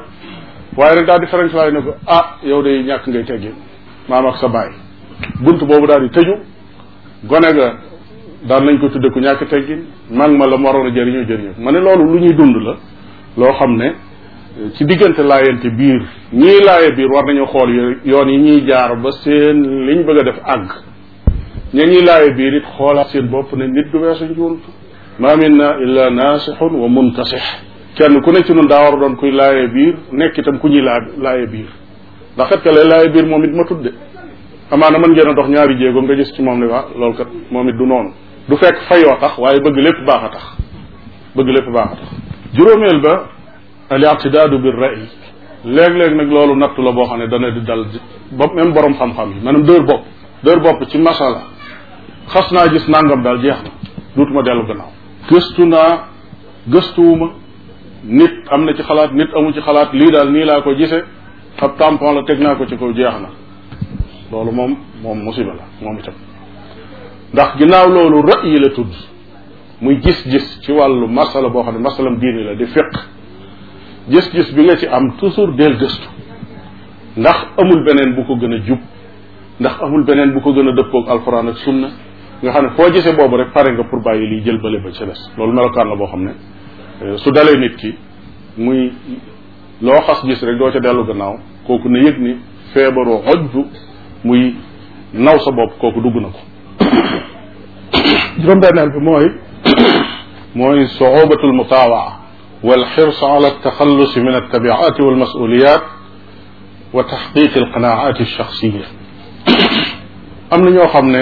waaye rek daal di ferenclaay ne ko ah yow ñàkk ngay teggin maam ak sa bunt boobu daal di tëju gone ga daan nañ ko tudde ku ñàkk teggin mag ma la mu waroon a jëriñoo jëriñoo ma ne loolu lu ñuy dund la loo xam ne eh, ci diggante laayante biir ñii laaye biir war nañu xool yoon yi ñuy jaar ba seen liñ bëgg a def àgg ña ñuy laaye biir it xoolaat seen bopp ne nit du weesu njuul ma minna illa naasixun wa muntasix kenn ku ne ci nun daa war doon kuy laaye biir nekk itam ku ñuy laa laaye biir ndax kat ka lay laaye biir moom it ma tudde amaana mën ngeen a dox ñaari jéegoom nga gis ci moom ne waa loolu kat moom it du noonu du fekk fayoo tax waaye bëgg lépp baax a tax bëgg lépp baax a tax juróomeel ba al ictidaadu bir ra'y léeg-léeg nag loolu nattu la boo xam ne dana di dal ba même boroom xam-xam yi maanaam dër bopp dër bopp ci masala xas naa gis nangam daal jeex na duutuma dellu gannaaw gëstu naa gëstuwuma nit am na ci xalaat nit amu ci xalaat lii daal nii laa ko gisee ab tampon la teg naa ko ci kaw jeex na loolu moom moom musiba la moom itam ndax ginnaaw loolu ra'yi la tudd muy gis-gis ci wàllu masala boo xam ne masalam diini la di fiq gis-gis bi nga ci am toujours del gëstu ndax amul beneen bu ko gën a jub ndax amul beneen bu ko gën a dëppoog alxuraan ak sunna nga xam ne foo gisee boobu rek pare nga pour bàyyi liy jël bële ba ca des loolu melokaan la boo xam ne euh, su dalee nit ki muy loo xas gis rek doo ca dellu gannaaw kooku ne yëg ni feebaroo xojju muy naw sa bopp kooku dugg na ko juróom-benneel bi mooy mooy soxobatu almutaawaa wal xirs ala altaxallusi min altabiaati walmasuliyat wa taxqiqi alqanaat alchaxsiya am na ñoo xam ne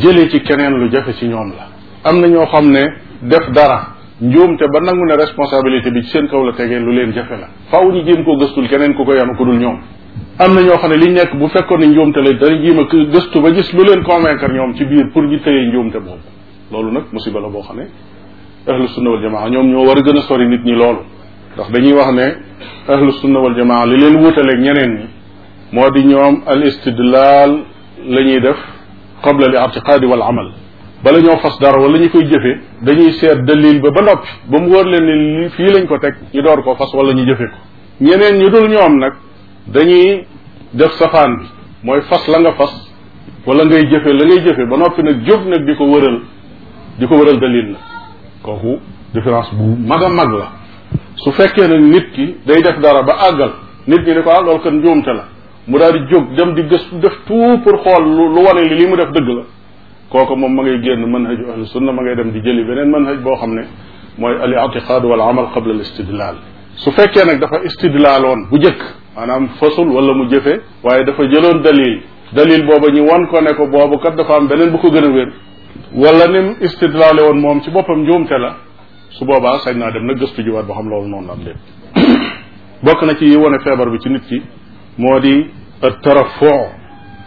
jëlee ci keneen lu jafe ci ñoom la am na ñoo xam ne def dara njuumte ba nangu ne responsabilité bi ci seen kaw la tegee lu leen jafe la faaw ñu jéem koo gëstul keneen ku ko yanu ku dul ñoom am na ñoo xam ne li ñu nekk bu fekkoon ne njuumte la dañ jéem a gëstu ba gis lu leen convaincre ñoom ci biir pour ñu téye njuumte boobu loolu nag musiba la boo xam ne ahlu sunna wal jamaa ñoom ñoo war a gën a sori nit ñi loolu ndax dañuy wax ne ahlu sunna wal jamaa li leen wuutaleeg ñeneen ñi moo di ñoom al istidlaal la ñuy def qabla li artiqaadi wal amal bala ñoo fas dara wala ñu koy jëfe dañuy seet dalil ba ba noppi ba mu wóor leen ne fii lañ ko teg ñu door ko fas wala ñu jëfe ko ñeneen ñu dul ñoom nag dañuy def safaan bi mooy fas la nga fas wala ngay jëfe la ngay jëfe ba noppi nag jóg nag di ko wëral di ko wëral dalil la kooku différence bu mag a mag la su fekkee nag nit ki day def dara ba àggal nit ñi ne ko ah loolu kan njuumte la mu daal di jóg dem di gëstu def tout pour xool lu wane li li mu def dëgg la kooku moom ma ngay génn manhaju ahlu sunna ma ngay dem di jëli beneen manhaj boo xam ne mooy al itiqaad wal amal qabla al istidlaal su fekkee nag dafa istidlaaloon bu jëkk maanaam fasul wala mu jëfe waaye dafa jëloon dalil dalil booba ñu wan ko ne ko boobu kat dafa am beneen bu ko gën a wér wala ni mu istidlaale woon moom ci boppam njuumte la su boobaa sañ naa dem na gëstu jiwaat ba xam loolu noonu la am lépp (coughs) bokk na ci yi wane feebar bi ci nit ki moo di attaraffu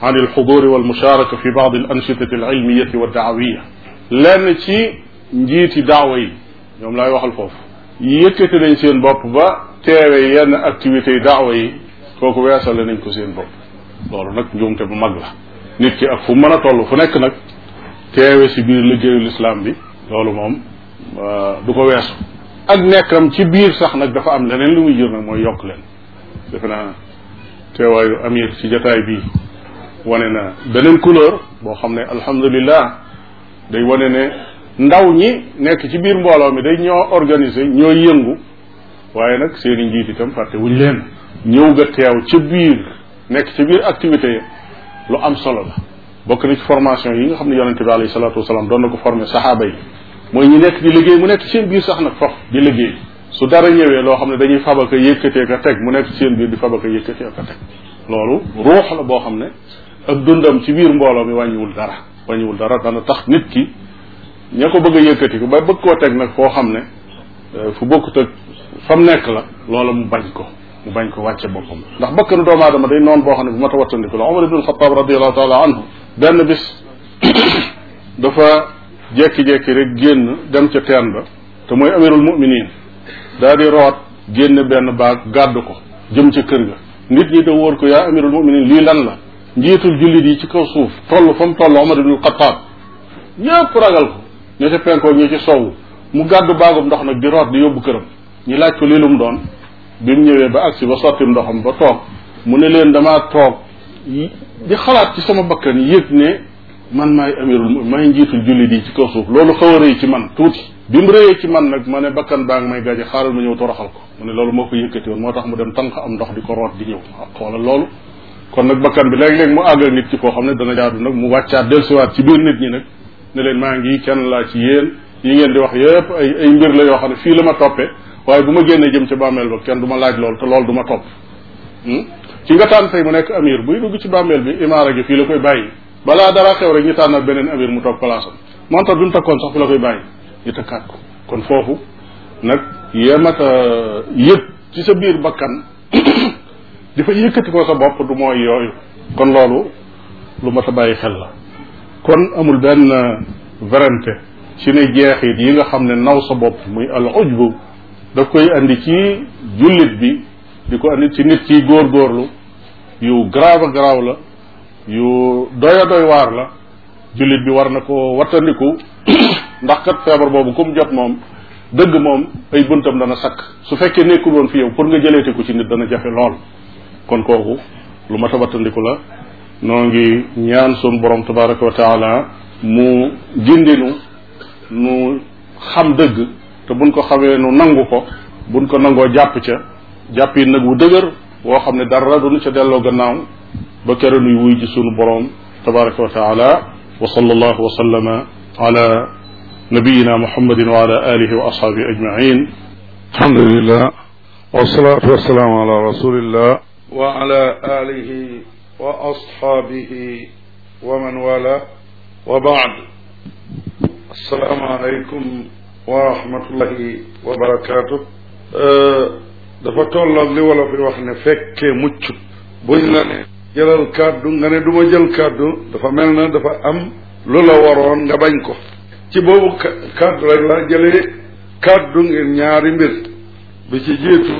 an alxuduri walmusharaka fi baad al anshitati al ilmiyati wa daawiya lenn ci njiiti daawa yi ñoom laay waxal foofu yëkkati nañ seen ba teewe yenn activités yi daawa yi kooku weesale nañ ko seen bopp loolu nag njuumte bu mag nit ki ak fu mën a toll fu nekk nag teewe si biir liggéeyu lislaam bi loolu moom euh, du ko weesu ak nekkam ci biir sax nag dafa am leneen lu mu jur nag mooy yokk leen defe naa teewaayu amir ci jataay bi wane na beneen couleur boo xam ne alhamdulilah day wane ne ndaw ñi nekk ci biir mbooloo mi day ñoo organiser ñoo yëngu waaye nag seen i njiit itam fàtte wuñ leen ñëw nga teew ca biir nekk ca biir activité ya lu am solo la bokk na formation yi nga xam ne yonente bi alayhi salaatu wasalaam doon na ko formé saxaaba yi mooy ñu nekk di liggéey mu nekk seen biir sax nag foofu di liggéey su dara ñëwee loo xam ne dañuy fabaka yëkkatee ka teg mu nekk ci seen biir di fabaka yëkkatee ka teg loolu ruux la boo xam ne ak dundam ci biir mbooloo mi wàññiwul dara wàññiwul dara dana tax nit ki ña ko bëgg a yëkkati ko ba bëgg koo teg foo xam ne eh, fu bokkut ak fa mu nekk la loola mu bañ ko mu bañ ko wàcce boppam ndax bakkanu doomu adama day noon boo xam ne bu ma ta wattandiku la Omar ibn Xataab radiallahu taala anhu benn bis (coughs) rek génn dem ca teen ba te mooy amirul muminin daa di root génne benn baag gàdd ko jëm ca kër ga nit ñi da wóor ko yaa amirul muminin lii lan la njiitul jullit yi ci kaw suuf toll fa mu toll Omar ibn Xataab ñëpp ragal ko ña ca penkoo ñi ci sowwu mu gàdd baagum ndox nag di root di yóbbu këram ñu laaj ko lii mu doon bi mu ñëwee ba agsi ba sottim ndoxam ba toog mu ne leen damaa toog di xalaat ci sama bakkan yëg ne man maay amirul mu maay njiitul jullit yi ci kaw suuf loolu xaw a rëy ci man tuuti bi mu rëyee ci man nag ma ne bakkan baa ngi may gaje xaaral ma ñëw toroxal ko mu ne loolu moo ko yëkkati woon moo tax mu dem tànq am ndox di ko root di ñëw xoolal loolu kon nag bakkan bi léeg-léeg mu àgg ak nit ci koo xam ne dana jaadu nag mu wàccaat dellusiwaat ci biir nit ñi nag ne leen maa ngi kenn laa ci yéen yi ngeen wax yëpp ay ay mbir la yoo ne fii la ma toppee waaye bu ma génnee jëm ci bàmmeel ba kenn du ma laaj lool te loolu du ma topp ki nga tànn tey mu nekk amir buy dugg ci bàmmeel bi imaara gi fii la koy bàyyi balaa dara xew rek ñu tànnaat beneen amir mu toog palaasam montar duñ takkoon sax fi la koy bàyyi ñu takkaat ko kon foofu nag yemat a yëg ci sa biir bakkan (coughs) di fa yëkkati ko sa bopp du mooy yooyu kon loolu lu mat bàyyi xel la kon amul benn vérité ci ne jeexit yi nga xam ne naw sa bopp muy al daf koy andi ci jullit bi di ko andi ci nit góor góorlu yu garaaw a la yu doy waar la jullit bi war na ko wattandiku (coughs) ndax kat feebar boobu kum jot moom dëgg moom ay buntam dana sakk su fekkee nekkul woon fi yow pour nga jëleete ko ci nit dana jafe lool kon kooku lu mata wattandiku la noo ngi ñaan sun borom tabaraka wa mu gindinu nu xam dëgg te buñ ko xamee nu nangu ko buñ ko nangoo jàpp ca jàpp yi nag wu dëgër woo xam ne dara duñu ca delloo gannaaw ba kere nuy wuy ji sunu boroom tabaraka wa taala wa sallallahu wa sallama ala nabiyina muhammadin wa ala alihi wa ashaabihi ajmain alhamdulillah wasalaatu wasalaamu ala rasulillah wa ala alihi wa ashaabihi wa man wala wa baad assalaamu alaykum wa rahmatullahi wa barakaatu euh, dafa tolloog li wolof yi wax ne fekkee muccut buñ la ne jëlal kàddu nga ne du ma jël kàddu dafa mel na dafa am lu la waroon nga bañ ko ci boobu kàddu rek laa jëlee kàddu ngir ñaari mbir bi ci jiitu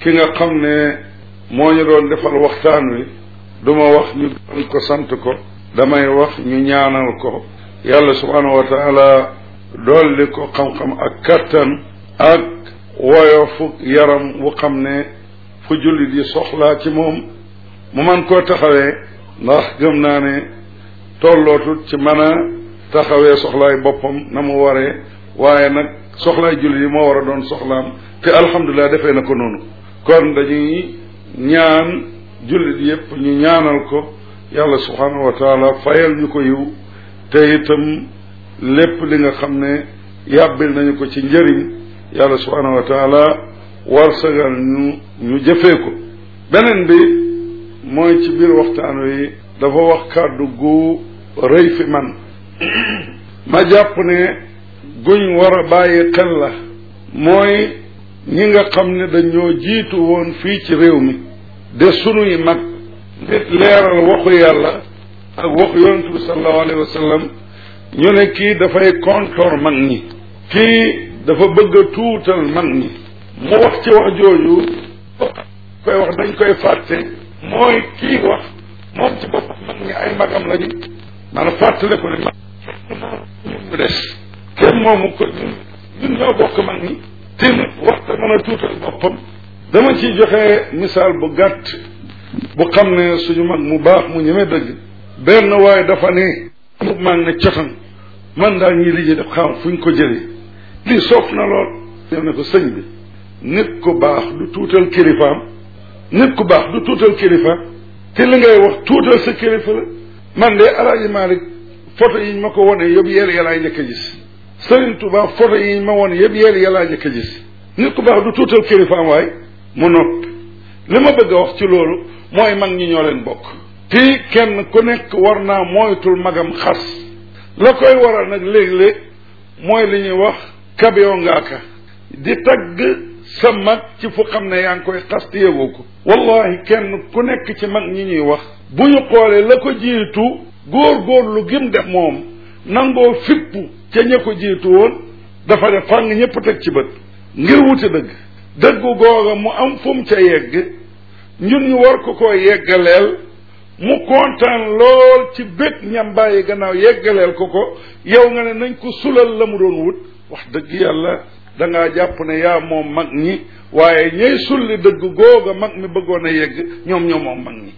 ki nga xam ne moo ñu doon defal waxtaan wi duma wax ñu doon ko sant ko damay wax ñu ñaanal ko yàlla subhaanahu dolli ko xam-xam ak kattan ak woyofu yaram wu xam ne fu jullit yi soxlaa ci moom mu man koo taxawee ndax gëm naa ne tollootut ci mën a taxawee soxlaay boppam na mu waree waaye nag soxlaay jullit yi moo war doon soxlaam te alhamdulilah defee na ko noonu kon dañuy ñaan jullit yépp ñu ñaanal ko yàlla subhaanahu wa fayal ñu ko yiw te itam lépp li nga xam ne yàbbil nañu ko ci njëriñ yàlla subhaanahu wa taala warsagal ñu ñu jëfee ko beneen bi mooy ci biir waxtaan wi dafa wax kàddu gu rëy fi man (clears throat) ma jàpp ne guñ war a bàyyi xel la mooy ñi nga xam ne dañoo jiitu woon fii ci réew mi de sunuy mag ngir leeral waxu yàlla ak waxu yonent bi sallallahu alayhi ñu ne kii dafay contour mag ñi kii dafa bëgg a tuutal mag ñi mu wax ci wax jooju koy dañ koy fàtte mooy kii wax moom ci boppam mag ñi ay magam lañu maanaam fàttale ko ne mag ñun ñu des ko ñun a tuutal boppam dama ci joxe misaal bu gàtt bu xam ne suñu mag mu baax mu ñeme dëgg benn waaye dafa ne mu mag ne cotan man daal ñuy liggéey def xam fu ñu ko jëlee lii soof na lool dem ne ko sëñ bi nit ku baax du tuutal kilifaam nit ku baax du tuutal kilifa te li ngay wax tuutal sa kilifa la man de alaaji Malick photo yi ñu ma ko wone yëpp yeel yàllaa njëkk a gis Sëriñ yi ñu ma wone yëpp yàllaa njëkk a gis nit ku baax du tuutal kilifaam waay mu noppi li ma bëgg a wax ci loolu mooy mag ñi ñoo leen bokk fii kenn ku nekk war naa moytul magam xas la koy waral nag léeg-léeg mooy li ñuy wax kabeo ngaaka di tagg sa mag ci fu xam ne yaa ngi koy xas te yëgoo ko wallahi kenn ku nekk ci mag ñi ñuy wax bu ñu xoolee la ko jiitu góor góor lu gim def moom nangoo fippu ca ña ko jiitu woon dafa ne fàng ñépp teg ci bët ngir wuti dëgg dëggu googa mu am fu mu ca yegg ñun ñu war ko koo yeggaleel mu kontaan lool ci bët ñam bàyyi gannaaw yeggaleel ko ko yow nga ne nañ ko sulal la mu doon wut wax dëgg yàlla danga ngaa jàpp ne yaa moom mag ñi waaye ñay sulli dëgg googa mag mi bëggoon a yegg ñoom ñoo moom mag ñi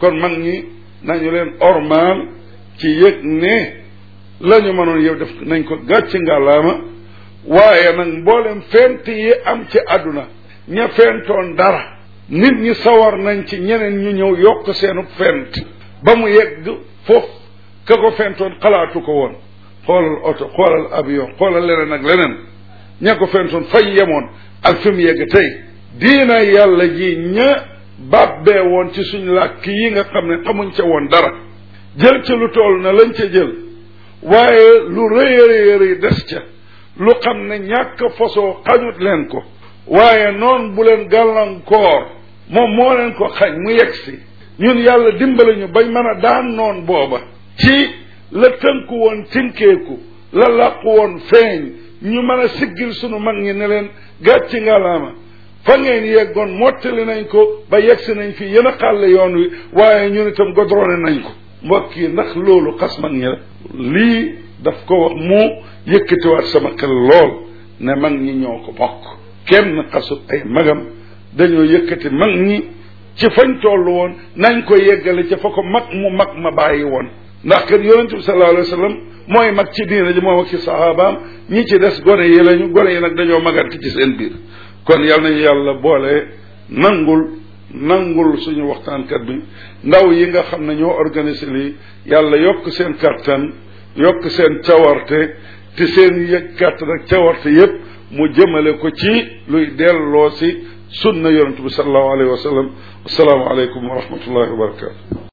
kon mag ñi nañu leen ormaal ci yëg ne la ñu mënoon yow def nañ ko gàcc ngàllaama waaye nag mboolem fent yi am ci àdduna ña fentoon dara nit ñi sawar nañ ci ñeneen ñu ñëw yokk seenu fent ba mu yegg foofu ka ko fentoon xalaatu ko woon xoolal oto xoolal avion xoolal leneen ak leneen ña ko fentoon fay yemoon ak fi mu yegg tey diina yàlla ji ña bàbbee woon ci suñ làkk yi nga xam ne xamuñ ca woon dara jël ca lu toll na lañ ca jël waaye lu rëy a rëy des ca lu xam ne ñàkk fosoo xañut leen ko waaye noon bu leen gàllankoor moom moo leen ko xañ mu yegg si ñun yàlla dimbali ñu bañ mën a daan noon booba ci la tënku woon tinkeeku la làqu woon feeñ ñu mën a siggil sunu mag ñi ne leen gàcci ngalaama fa ngeen yeggoon mottali nañ ko ba yegg si nañ fii yéen a xàll yoon wi waaye ñun itam godrone nañ ko mbokki yi ndax loolu xas mag ñi lii daf ko wax mu yëkkatiwaat sama xel lool ne mag ñi ñoo ko bokk kenn xasut ay magam dañoo yëkkati mag ñi ci fañ toll woon nañ ko yeggale ci fa ko mag mu mag ma bàyyi woon ndax kat yonent bi sallallahu alayhi wa mooy mag ci diina ji moom ak ci saxaabaam ñi ci des gone yi lañu gone yi nag dañoo magante ci seen biir kon yàlla nañu yàlla boole nangul nangul suñu waxtaankat bi ndaw yi nga xam ne ñoo organiser lii yàlla yokk seen kàttan yokk seen cawarte te seen yëg kàttan ak cawarte yépp mu jëmale ko ci luy delloo si sunna yonent bi sallallahu alayhi wa sallam assalaamu aleykum wa rahmatullahi wa barakatu